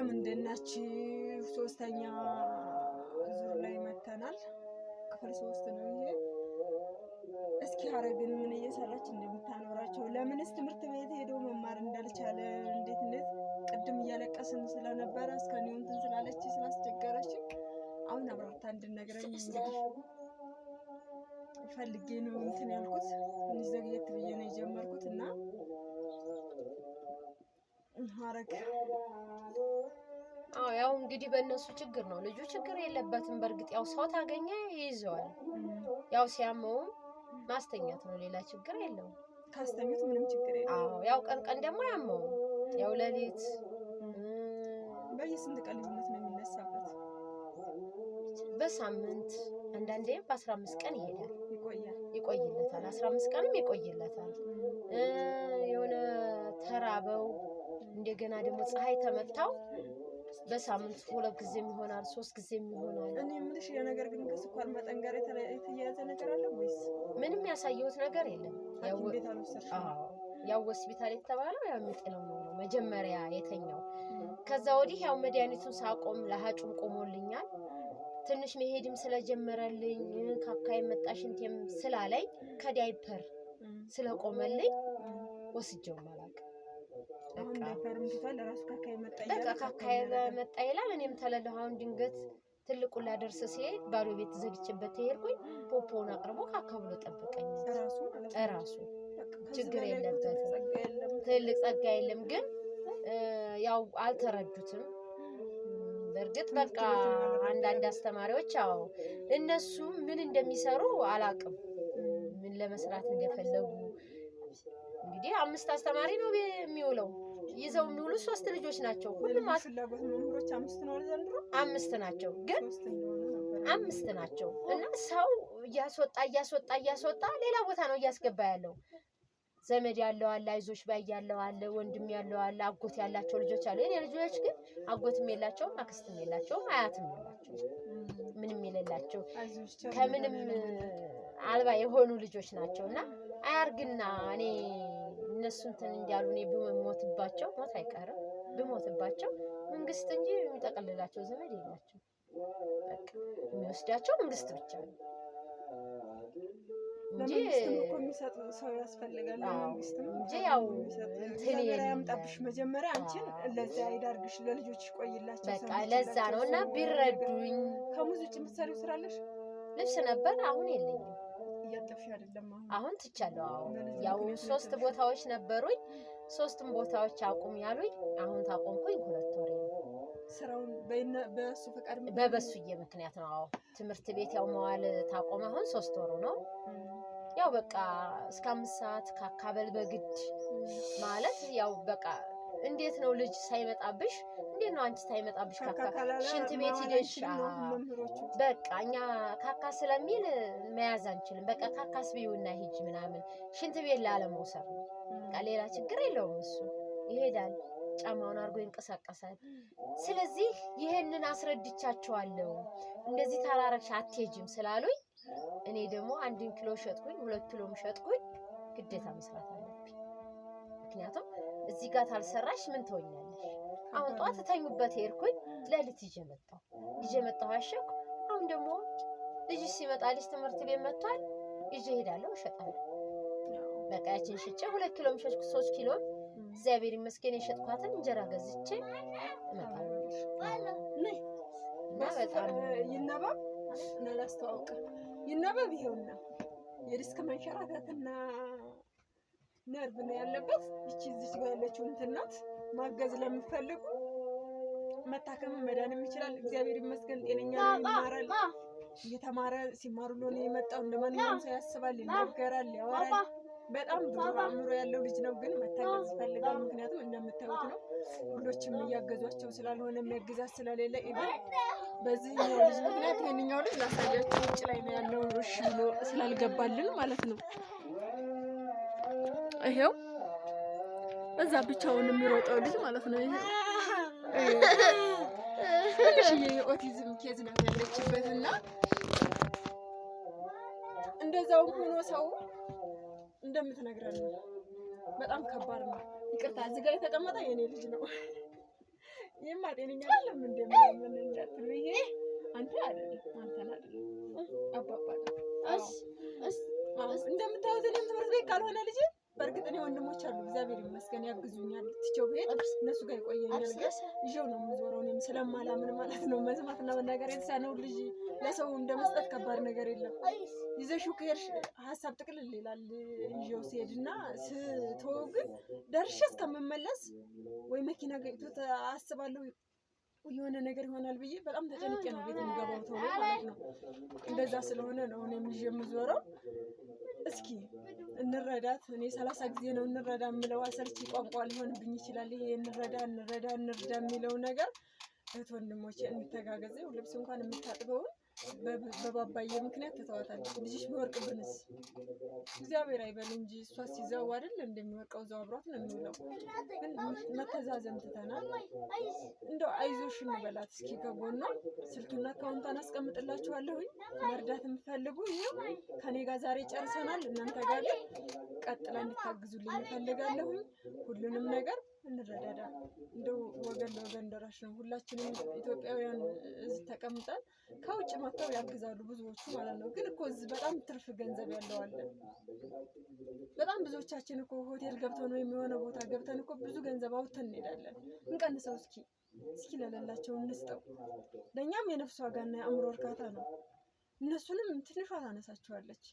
ሰላም እንደናችሁ። ሶስተኛ ዙር ላይ መተናል። ክፍል ሶስት ነው ይሄ። እስኪ ሀረግን ምን እየሰራች እንደምታኖራቸው ለምንስ ትምህርት ቤት ሄዶ መማር እንዳልቻለ እንዴት እንዴት ቅድም እያለቀስን ስለነበረ እስከ እንትን ስላለች ስላስቸገረች አሁን አብራርታ እንድነግረኝ እንግዲህ ፈልጌ ነው እንትን ያልኩት። ትንሽ ዘግየት ብዬ ነው የጀመርኩት እና ሀረግ ያው እንግዲህ በእነሱ ችግር ነው። ልጁ ችግር የለበትም። በእርግጥ ያው ሰው ታገኘ ይይዘዋል። ያው ሲያመውም ማስተኛት ነው፣ ሌላ ችግር የለውም። ካስተኙት ምንም ችግር የለውም። አዎ ያው ቀን ቀን ደግሞ ያመው ያው ሌሊት በየስንት ቀን ልዩነት ነው የሚነሳበት? በሳምንት አንዳንዴም በአስራ አምስት ቀን ይሄዳል ይቆይለታል። አስራ አምስት ቀንም ይቆይለታል። የሆነ ተራበው እንደገና ደግሞ ፀሐይ ተመታው በሳምንት ሁለት ጊዜ ይሆናል፣ ሶስት ጊዜ ይሆናል። እኔ የምልሽ የነገር ግን ከስኳር መጠን ጋር የተያያዘ ነገር አለ ወይስ ምንም ያሳየሁት ነገር የለም? ያው ሆስፒታል የተባለው ያው የሚጥለው ነው መጀመሪያ የተኛው። ከዛ ወዲህ ያው መድኃኒቱን ሳቆም ለሀጩም ቆሞልኛል። ትንሽ መሄድም ስለጀመረልኝ ካካ የመጣ ሽንቴም ስላለኝ ከዳይፐር ስለቆመልኝ ወስጀው አላውቅም። በቃ መጣ ይላል። እኔም ተለለሁ። አሁን ድንገት ትልቁን ላደርስ ሲሄድ ባዶ ቤት ዘግቼበት ተሄድኩኝ። ፖፖውን አቅርቦ ካካ ብሎ ጠበቀኝ። እራሱ ችግር የለበትም፣ ትልቅ ጸጋ የለም። ግን ያው አልተረዱትም። በእርግጥ በቃ አንዳንድ አስተማሪዎች ያው እነሱ ምን እንደሚሰሩ አላውቅም፣ ምን ለመስራት እንደፈለጉ እንግዲህ አምስት አስተማሪ ነው የሚውለው። ይዘው የሚውሉ ሶስት ልጆች ናቸው። ሁሉም አምስት ናቸው፣ ግን አምስት ናቸው እና ሰው እያስወጣ እያስወጣ እያስወጣ ሌላ ቦታ ነው እያስገባ ያለው። ዘመድ ያለው አለ፣ አይዞሽ ባይ ያለው አለ፣ ወንድም ያለው አለ፣ አጎት ያላቸው ልጆች አሉ። የኔ ልጆች ግን አጎትም የላቸውም፣ አክስትም የላቸውም፣ አያትም የላቸው ምንም የሌላቸው ከምንም አልባ የሆኑ ልጆች ናቸው እና አያርግና እኔ እነሱ እንትን እንዲያሉ እኔ ብሞትባቸው ሞት አይቀርም ብሞትባቸው መንግስት እንጂ የሚጠቀልላቸው ዘመድ የላቸው። በቃ የሚወስዳቸው መንግስት ብቻ ነው እንጂ ሰው ያስፈልጋል። እንጂ ያው ያምጣብሽ መጀመሪያ አንቺን ለዛ ይዳርግሽ፣ ለልጆች ይቆይላቸው። በቃ ለዛ ነው እና ቢረዱኝ። ከሙዝ ውጭ የምትሰሪው ስራለሽ? ልብስ ነበር፣ አሁን የለኝም እያጠፍሽ አይደለም። አሁን ትቻለሁ። ያው ሶስት ቦታዎች ነበሩኝ። ሶስቱም ቦታዎች አቁም ያሉኝ አሁን ታቆምኩኝ። ሁለት ወሬ ስራውን በሱ ፈቃድ በበሱዬ ምክንያት ነው። አዎ ትምህርት ቤት ያው መዋል ታቆመ። አሁን ሶስት ወሩ ነው። ያው በቃ እስከ አምስት ሰዓት ካካበል በግድ ማለት ያው በቃ እንዴት ነው ልጅ ሳይመጣብሽ? እንዴት ነው አንቺ ሳይመጣብሽ? ካካ ሽንት ቤት ሂደሽ በቃ እኛ ካካ ስለሚል መያዝ አንችልም። በቃ ካካስ ቢውና ሂጅ ምናምን ሽንት ቤት ላለመውሰድ ነው። በቃ ሌላ ችግር የለውም። እሱ ይሄዳል፣ ጫማውን አድርጎ ይንቀሳቀሳል። ስለዚህ ይሄንን አስረድቻቸዋለሁ። እንደዚህ ታላረግሽ አትሄጂም ስላሉኝ እኔ ደግሞ አንድን ኪሎ ሸጥኩኝ፣ ሁለት ኪሎም ሸጥኩኝ፣ ግዴታ መስራት አለብኝ ምክንያቱም እዚህ ጋር ታልሰራሽ ምን ትሆኛለሽ? አሁን ጠዋት ተኙበት ሄድኩኝ፣ ለሊት ይዤ መጣሁ። ይዤ መጣሁ አሸኩ። አሁን ደግሞ ልጅ ሲመጣ ልጅ ትምህርት ቤት መጥቷል፣ ይዤ እሄዳለሁ፣ እሸጣለሁ። በቃ ያችን ሽጬ ሁለት ኪሎም ሸጥኩ፣ ሶስት ኪሎም እግዚአብሔር ይመስገን የሸጥኳትን እንጀራ ገዝቼ እመጣለሁ። እና በጣም ይነበብ እናላስተዋውቅ ይነበብ ይሄውና የሪስክ መንሸራተትና ነርቭ ነው ያለበት። ይቺ እዚች ጋር ያለችው እንትን ናት። ማገዝ ለምትፈልጉ መታከም መዳንም ይችላል። እግዚአብሔር ይመስገን ጤነኛ ይማራል። እየተማረ ሲማሩ ለሆነ የመጣው እንደማንኛውም ሰው ያስባል፣ ይናገራል፣ ያወራል። በጣም ብዙ አእምሮ ያለው ልጅ ነው፣ ግን መታገዝ ይፈልጋል። ምክንያቱም እንደምታዩት ነው ሁሎችም እያገዟቸው ስላልሆነ የሚያግዛት ስለሌለ ኢቨን በዚህኛው ልጅ ምክንያት ይህንኛው ልጅ ላሳያችሁ ውጭ ላይ ነው ያለው ሮሽ ስላልገባልን ማለት ነው ይሄው እዛ ብቻውን የሚሮጠው ልጅ ማለት ነው። ይሄ ትንሽዬ የኦቲዝም ኬዝ ነው ያለችበት እና እንደዛውም ሆኖ ሰው እንደምትነግረን ነው። በጣም ከባድ ነው። ይቅርታ እዚህ ጋር የተቀመጠ የኔ ልጅ ነው። ይህማ ጤነኛ አይደለም። እንደምንለምንለትሉ ይሄ አንተ አይደለም አንተን አይደለም አባባ ነው እንደምታዩት ትምህርት ቤት ካልሆነ ልጅ በእርግጥ እኔ ወንድሞች አሉ፣ እግዚአብሔር ይመስገን ያግዙኛል። ትቼው ብሄድ እነሱ ጋር ይቆየኛል። ግን ይዤው ነው የምዞረው እኔም ስለማላምን ማለት ነው። መስማትና መናገር የተሳነው ልጅ ለሰው እንደ ከባድ ነገር የለም። ይዘሽው ከሄድሽ ሀሳብ ጥቅልል ይላል። ይዤው ሲሄድ እና ስትወው ግን ደርሼ እስከምመለስ ወይ መኪና ገጭቶት አስባለሁ የሆነ ነገር ይሆናል ብዬ በጣም ተጨንቄ ነው ቤት የሚገባው ተብሎ ማለት ነው። እንደዛ ስለሆነ ነው እኔም ይዤ የምዞረው እስኪ እንረዳት። እኔ ሰላሳ ጊዜ ነው እንረዳ የምለው፣ አሰልቺ ቋንቋ ሊሆንብኝ ይችላል። ይሄ እንረዳ እንረዳ እንርዳ የሚለው ነገር እህት ወንድሞቼ እንተጋገዘ ልብስ እንኳን የምታጥበውን በባባዬ ምክንያት ትተዋታለች። ልጅሽ ቢወርቅብንስ እግዚአብሔር አይበል እንጂ እሷ ሲዘው አይደል እንደሚወርቀው እዛው አብሯት ነው የሚውለው። ግን መተዛዘን ትተናል። እንደው አይዞሽ እንበላት እስኪ ከጎኗ ስልቱና አካውንታን አስቀምጥላችኋለሁኝ። መርዳት የምፈልጉ ይኸው ከኔ ጋር ዛሬ ጨርሰናል። እናንተ ጋር ቀጥላ እንድታግዙልኝ እፈልጋለሁኝ ሁሉንም ነገር እንረዳዳ። እንደው ወገን ለወገን ደራሽ ነው። ሁላችንም ኢትዮጵያውያን እዚህ ተቀምጠን ከውጭ መጥተው ያግዛሉ ብዙዎቹ ማለት ነው። ግን እኮ እዚህ በጣም ትርፍ ገንዘብ ያለው አለ። በጣም ብዙዎቻችን እኮ ሆቴል ገብተን ወይም የሆነ ቦታ ገብተን እኮ ብዙ ገንዘብ አውጥተን እንሄዳለን። እንቀንሰው እስኪ እስኪ ለሌላቸው እንስጠው። ለእኛም የነፍስ ዋጋና የአእምሮ እርካታ ነው። እነሱንም ትንሿ ታነሳቸዋለች።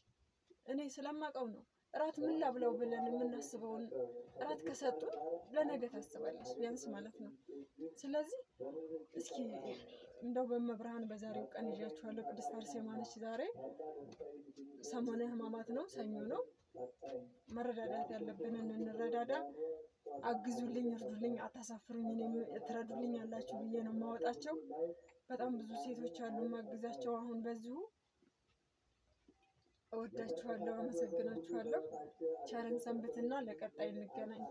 እኔ ስለማውቀው ነው። እራት ምን ላብለው ብለን የምናስበውን እራት ከሰጡን ለነገ ታስባለች ቢያንስ ማለት ነው። ስለዚህ እስኪ እንደው በመብርሃን በዛሬው ቀን ይዣችኋለሁ። ቅድስት አርሴማ ነች። ዛሬ ሰሞነ ሕማማት ነው፣ ሰኞ ነው። መረዳዳት ያለብንን እንረዳዳ። አግዙልኝ፣ እርዱልኝ፣ አታሳፍሩኝ። ትረዱልኝ ያላችሁ ብዬ ነው የማወጣቸው። በጣም ብዙ ሴቶች አሉ ማግዛቸው አሁን በዚሁ እወዳችኋለሁ፣ አመሰግናችኋለሁ። ቸርን ሰንብትና ለቀጣይ እንገናኝ።